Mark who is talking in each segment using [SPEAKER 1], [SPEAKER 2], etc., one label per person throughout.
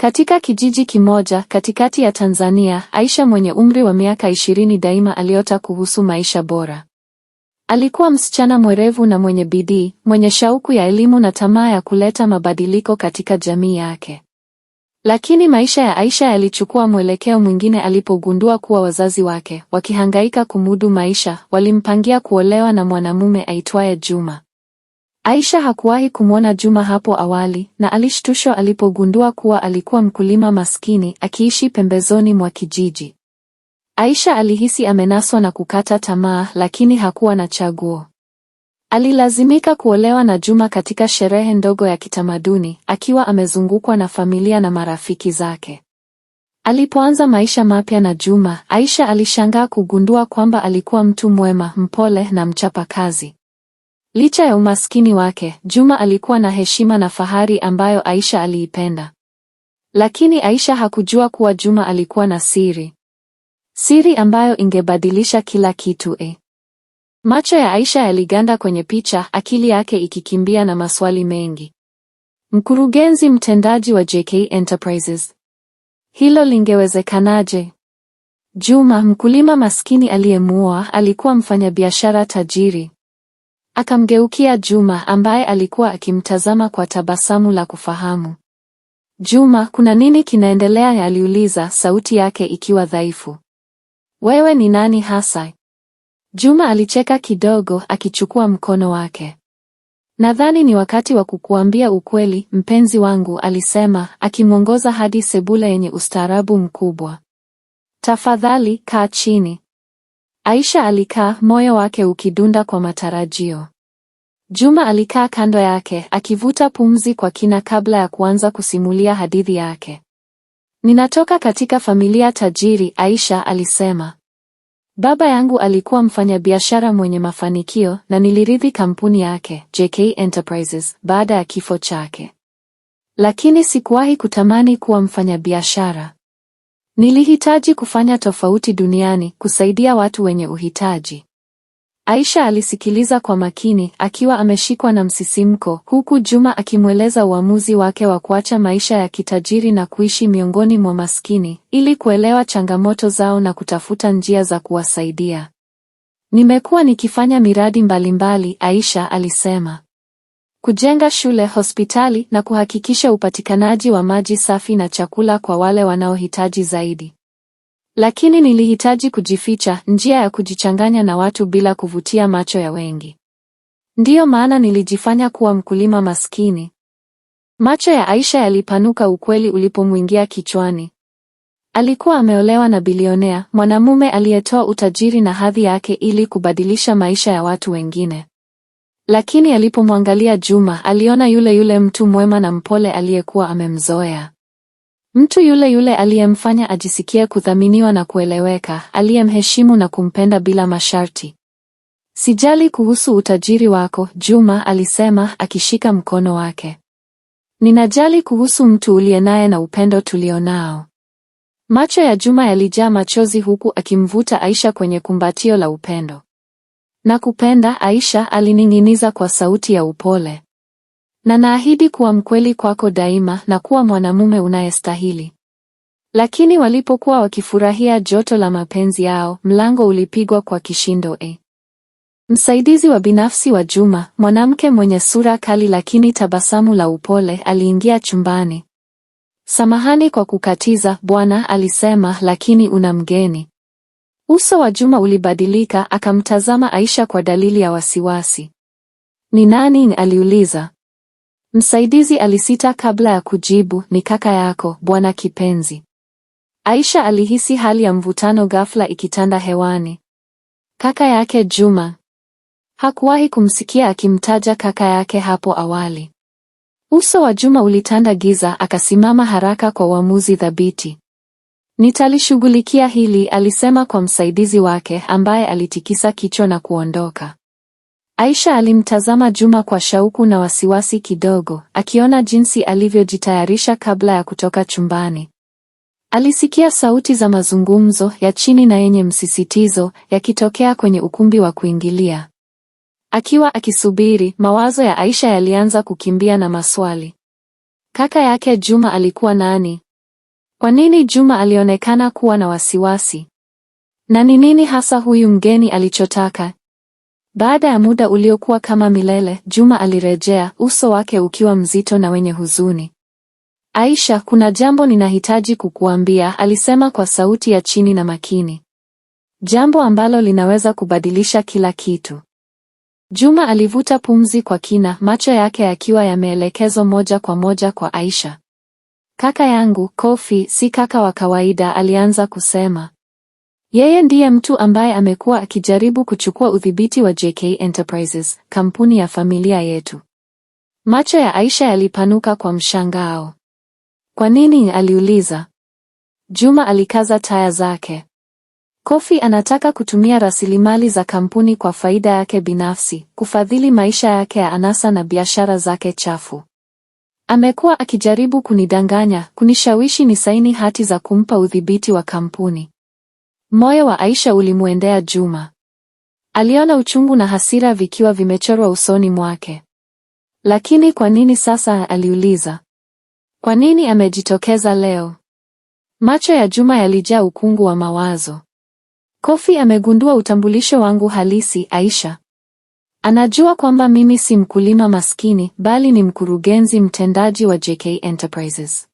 [SPEAKER 1] Katika kijiji kimoja katikati ya Tanzania, Aisha mwenye umri wa miaka ishirini daima aliota kuhusu maisha bora. Alikuwa msichana mwerevu na mwenye bidii, mwenye shauku ya elimu na tamaa ya kuleta mabadiliko katika jamii yake. Lakini maisha ya Aisha yalichukua mwelekeo mwingine alipogundua kuwa wazazi wake, wakihangaika kumudu maisha, walimpangia kuolewa na mwanamume aitwaye Juma. Aisha hakuwahi kumwona Juma hapo awali na alishtushwa alipogundua kuwa alikuwa mkulima maskini akiishi pembezoni mwa kijiji. Aisha alihisi amenaswa na kukata tamaa, lakini hakuwa na chaguo. Alilazimika kuolewa na Juma katika sherehe ndogo ya kitamaduni akiwa amezungukwa na familia na marafiki zake. Alipoanza maisha mapya na Juma, Aisha alishangaa kugundua kwamba alikuwa mtu mwema, mpole na mchapakazi. Licha ya umaskini wake, Juma alikuwa na heshima na fahari ambayo Aisha aliipenda. Lakini Aisha hakujua kuwa Juma alikuwa na siri. Siri ambayo ingebadilisha kila kitu e. Macho ya Aisha yaliganda kwenye picha, akili yake ikikimbia na maswali mengi. Mkurugenzi mtendaji wa JK Enterprises. Hilo lingewezekanaje? Juma, mkulima maskini aliyemuua alikuwa mfanyabiashara tajiri. Akamgeukia Juma ambaye alikuwa akimtazama kwa tabasamu la kufahamu. Juma, kuna nini kinaendelea? aliuliza, sauti yake ikiwa dhaifu. Wewe ni nani hasa? Juma alicheka kidogo, akichukua mkono wake. Nadhani ni wakati wa kukuambia ukweli, mpenzi wangu, alisema, akimwongoza hadi sebule yenye ustaarabu mkubwa. Tafadhali kaa chini. Aisha alikaa, moyo wake ukidunda kwa matarajio. Juma alikaa kando yake, akivuta pumzi kwa kina kabla ya kuanza kusimulia hadithi yake. Ninatoka katika familia tajiri, Aisha alisema. Baba yangu alikuwa mfanyabiashara mwenye mafanikio na nilirithi kampuni yake, JK Enterprises, baada ya kifo chake. Lakini sikuwahi kutamani kuwa mfanyabiashara. Nilihitaji kufanya tofauti duniani, kusaidia watu wenye uhitaji. Aisha alisikiliza kwa makini akiwa ameshikwa na msisimko, huku Juma akimweleza uamuzi wake wa kuacha maisha ya kitajiri na kuishi miongoni mwa maskini ili kuelewa changamoto zao na kutafuta njia za kuwasaidia. Nimekuwa nikifanya miradi mbalimbali, Aisha alisema kujenga shule, hospitali na kuhakikisha upatikanaji wa maji safi na chakula kwa wale wanaohitaji zaidi. Lakini nilihitaji kujificha, njia ya kujichanganya na watu bila kuvutia macho ya wengi. Ndiyo maana nilijifanya kuwa mkulima maskini. Macho ya Aisha yalipanuka ukweli ulipomwingia kichwani. Alikuwa ameolewa na bilionea, mwanamume aliyetoa utajiri na hadhi yake ili kubadilisha maisha ya watu wengine. Lakini alipomwangalia Juma aliona yule yule mtu mwema na mpole aliyekuwa amemzoea, mtu yule yule aliyemfanya ajisikie kuthaminiwa na kueleweka, aliyemheshimu na kumpenda bila masharti. Sijali kuhusu utajiri wako, Juma alisema akishika mkono wake. Ninajali kuhusu mtu uliye naye na upendo tulionao. Macho ya Juma yalijaa machozi huku akimvuta Aisha kwenye kumbatio la upendo. Nakupenda, Aisha alining'iniza kwa sauti ya upole, na naahidi kuwa mkweli kwako daima na kuwa mwanamume unayestahili. Lakini walipokuwa wakifurahia joto la mapenzi yao, mlango ulipigwa kwa kishindo. E, msaidizi wa binafsi wa Juma, mwanamke mwenye sura kali lakini tabasamu la upole, aliingia chumbani. Samahani kwa kukatiza bwana, alisema, lakini una mgeni. Uso wa Juma ulibadilika, akamtazama Aisha kwa dalili ya wasiwasi. Ni nani? aliuliza. Msaidizi alisita kabla ya kujibu, ni kaka yako bwana kipenzi. Aisha alihisi hali ya mvutano ghafla ikitanda hewani. Kaka yake Juma? Hakuwahi kumsikia akimtaja kaka yake hapo awali. Uso wa Juma ulitanda giza, akasimama haraka kwa uamuzi thabiti. Nitalishughulikia hili, alisema kwa msaidizi wake ambaye alitikisa kichwa na kuondoka. Aisha alimtazama Juma kwa shauku na wasiwasi kidogo, akiona jinsi alivyojitayarisha kabla ya kutoka chumbani. Alisikia sauti za mazungumzo ya chini na yenye msisitizo yakitokea kwenye ukumbi wa kuingilia. Akiwa akisubiri, mawazo ya Aisha yalianza kukimbia na maswali. Kaka yake Juma alikuwa nani? Kwa nini Juma alionekana kuwa na wasiwasi? Na ni nini hasa huyu mgeni alichotaka? Baada ya muda uliokuwa kama milele, Juma alirejea, uso wake ukiwa mzito na wenye huzuni. Aisha, kuna jambo ninahitaji kukuambia, alisema kwa sauti ya chini na makini. Jambo ambalo linaweza kubadilisha kila kitu. Juma alivuta pumzi kwa kina, macho yake yakiwa yameelekezwa moja kwa moja kwa Aisha. Kaka yangu Kofi si kaka wa kawaida, alianza kusema. Yeye ndiye mtu ambaye amekuwa akijaribu kuchukua udhibiti wa JK Enterprises, kampuni ya familia yetu. Macho ya Aisha yalipanuka kwa mshangao. Kwa nini? aliuliza. Juma alikaza taya zake. Kofi anataka kutumia rasilimali za kampuni kwa faida yake binafsi, kufadhili maisha yake ya anasa na biashara zake chafu. Amekuwa akijaribu kunidanganya, kunishawishi nisaini hati za kumpa udhibiti wa kampuni. Moyo wa Aisha ulimwendea Juma. Aliona uchungu na hasira vikiwa vimechorwa usoni mwake. Lakini kwa nini sasa? aliuliza. Kwa nini amejitokeza leo? Macho ya Juma yalijaa ukungu wa mawazo. Kofi amegundua utambulisho wangu halisi, Aisha. Anajua kwamba mimi si mkulima maskini bali ni mkurugenzi mtendaji wa JK Enterprises.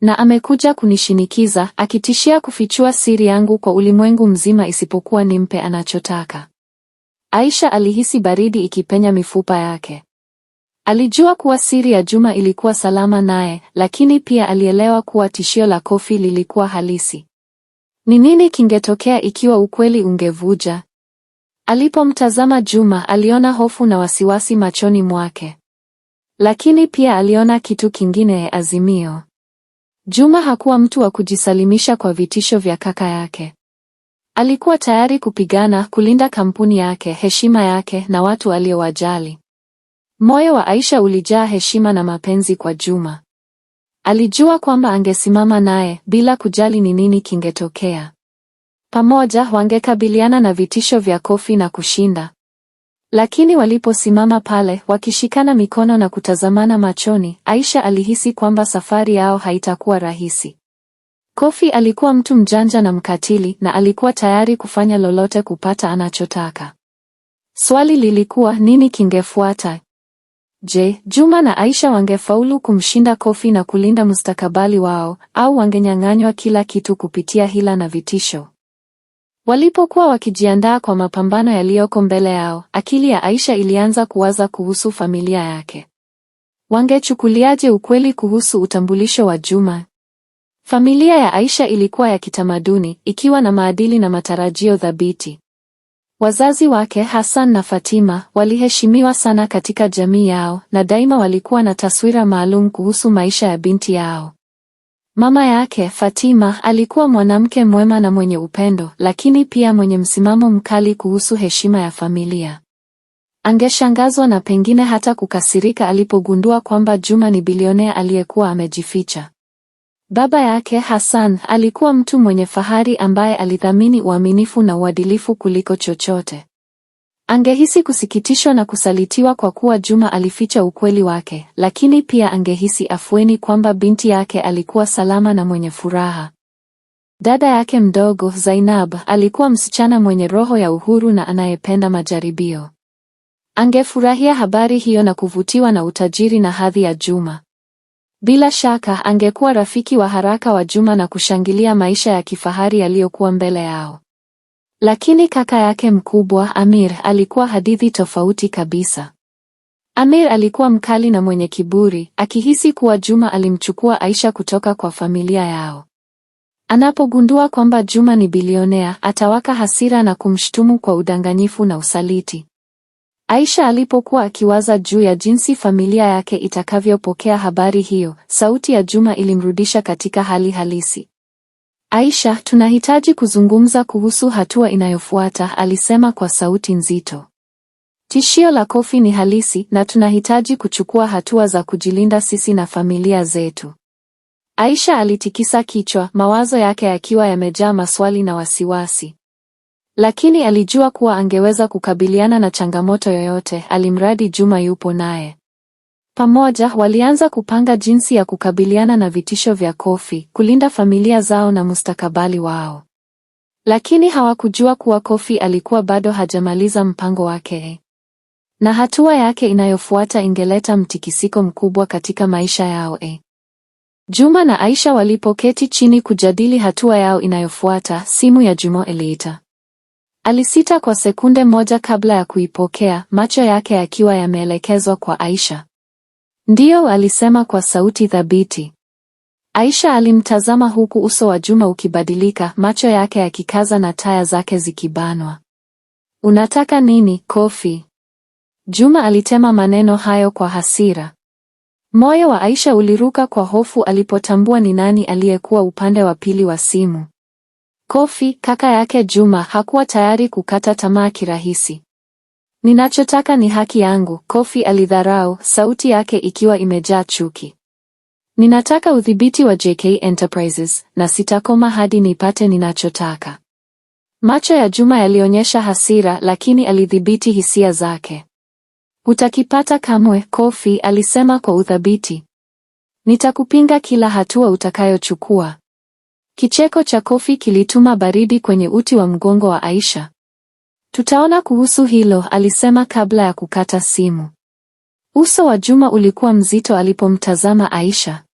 [SPEAKER 1] Na amekuja kunishinikiza akitishia kufichua siri yangu kwa ulimwengu mzima isipokuwa nimpe anachotaka. Aisha alihisi baridi ikipenya mifupa yake. Alijua kuwa siri ya Juma ilikuwa salama naye, lakini pia alielewa kuwa tishio la Kofi lilikuwa halisi. Ni nini kingetokea ikiwa ukweli ungevuja? Alipomtazama Juma aliona hofu na wasiwasi machoni mwake, lakini pia aliona kitu kingine, Azimio. Juma hakuwa mtu wa kujisalimisha kwa vitisho vya kaka yake. Alikuwa tayari kupigana kulinda kampuni yake, heshima yake na watu aliowajali. Moyo wa Aisha ulijaa heshima na mapenzi kwa Juma. Alijua kwamba angesimama naye bila kujali ni nini kingetokea. Pamoja wangekabiliana na vitisho vya kofi na kushinda. Lakini waliposimama pale wakishikana mikono na kutazamana machoni, Aisha alihisi kwamba safari yao haitakuwa rahisi. Kofi alikuwa mtu mjanja na mkatili na alikuwa tayari kufanya lolote kupata anachotaka. Swali lilikuwa nini kingefuata? Je, Juma na Aisha wangefaulu kumshinda Kofi na kulinda mustakabali wao au wangenyang'anywa kila kitu kupitia hila na vitisho? Walipokuwa wakijiandaa kwa mapambano yaliyoko mbele yao, akili ya Aisha ilianza kuwaza kuhusu familia yake. Wangechukuliaje ukweli kuhusu utambulisho wa Juma? Familia ya Aisha ilikuwa ya kitamaduni, ikiwa na maadili na matarajio thabiti. Wazazi wake Hassan na Fatima waliheshimiwa sana katika jamii yao na daima walikuwa na taswira maalum kuhusu maisha ya binti yao. Mama yake Fatima alikuwa mwanamke mwema na mwenye upendo, lakini pia mwenye msimamo mkali kuhusu heshima ya familia. Angeshangazwa na pengine hata kukasirika alipogundua kwamba Juma ni bilionea aliyekuwa amejificha. Baba yake Hassan alikuwa mtu mwenye fahari ambaye alithamini uaminifu na uadilifu kuliko chochote. Angehisi kusikitishwa na kusalitiwa kwa kuwa Juma alificha ukweli wake, lakini pia angehisi afueni kwamba binti yake alikuwa salama na mwenye furaha. Dada yake mdogo Zainab alikuwa msichana mwenye roho ya uhuru na anayependa majaribio. Angefurahia habari hiyo na kuvutiwa na utajiri na hadhi ya Juma. Bila shaka angekuwa rafiki wa haraka wa Juma na kushangilia maisha ya kifahari yaliyokuwa mbele yao. Lakini kaka yake mkubwa Amir alikuwa hadithi tofauti kabisa. Amir alikuwa mkali na mwenye kiburi, akihisi kuwa Juma alimchukua Aisha kutoka kwa familia yao. Anapogundua kwamba Juma ni bilionea, atawaka hasira na kumshutumu kwa udanganyifu na usaliti. Aisha alipokuwa akiwaza juu ya jinsi familia yake itakavyopokea habari hiyo, sauti ya Juma ilimrudisha katika hali halisi. Aisha, tunahitaji kuzungumza kuhusu hatua inayofuata, alisema kwa sauti nzito. Tishio la kofi ni halisi na tunahitaji kuchukua hatua za kujilinda sisi na familia zetu. Aisha alitikisa kichwa, mawazo yake yakiwa yamejaa maswali na wasiwasi. Lakini alijua kuwa angeweza kukabiliana na changamoto yoyote, alimradi Juma yupo naye. Pamoja walianza kupanga jinsi ya kukabiliana na vitisho vya kofi kulinda familia zao na mustakabali wao. Lakini hawakujua kuwa kofi alikuwa bado hajamaliza mpango wake, na hatua yake inayofuata ingeleta mtikisiko mkubwa katika maisha yao. E, Juma na Aisha walipoketi chini kujadili hatua yao inayofuata, simu ya Jumo iliita. Alisita kwa sekunde moja kabla ya kuipokea, macho yake yakiwa yameelekezwa kwa Aisha. Ndiyo, alisema kwa sauti thabiti. Aisha alimtazama huku uso wa Juma ukibadilika, macho yake yakikaza na taya zake zikibanwa. Unataka nini, Kofi? Juma alitema maneno hayo kwa hasira. Moyo wa Aisha uliruka kwa hofu alipotambua ni nani aliyekuwa upande wa pili wa simu. Kofi, kaka yake Juma, hakuwa tayari kukata tamaa kirahisi. Ninachotaka ni haki yangu, kofi alidharau, sauti yake ikiwa imejaa chuki. Ninataka udhibiti wa JK Enterprises na sitakoma hadi nipate ninachotaka. Macho ya Juma yalionyesha hasira, lakini alidhibiti hisia zake. Utakipata kamwe, kofi alisema kwa uthabiti. Nitakupinga kila hatua utakayochukua. Kicheko cha kofi kilituma baridi kwenye uti wa mgongo wa Aisha. Tutaona kuhusu hilo, alisema kabla ya kukata simu. Uso wa Juma ulikuwa mzito alipomtazama Aisha.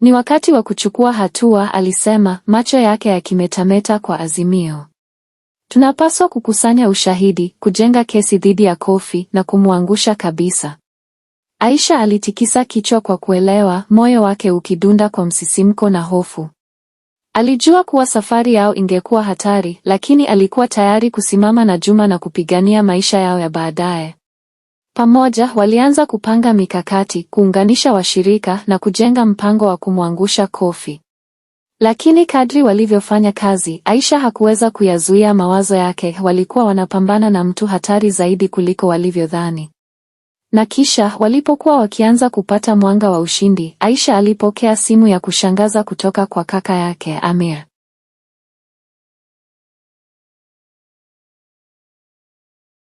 [SPEAKER 1] Ni wakati wa kuchukua hatua, alisema, macho yake yakimetameta kwa azimio. Tunapaswa kukusanya ushahidi, kujenga kesi dhidi ya Kofi na kumwangusha kabisa. Aisha alitikisa kichwa kwa kuelewa, moyo wake ukidunda kwa msisimko na hofu. Alijua kuwa safari yao ingekuwa hatari, lakini alikuwa tayari kusimama na Juma na kupigania maisha yao ya baadaye. Pamoja walianza kupanga mikakati, kuunganisha washirika na kujenga mpango wa kumwangusha Kofi. Lakini kadri walivyofanya kazi, Aisha hakuweza kuyazuia mawazo yake. Walikuwa wanapambana na mtu hatari zaidi kuliko walivyodhani. Na kisha walipokuwa wakianza kupata mwanga wa ushindi, Aisha alipokea simu ya kushangaza kutoka kwa kaka yake Amir.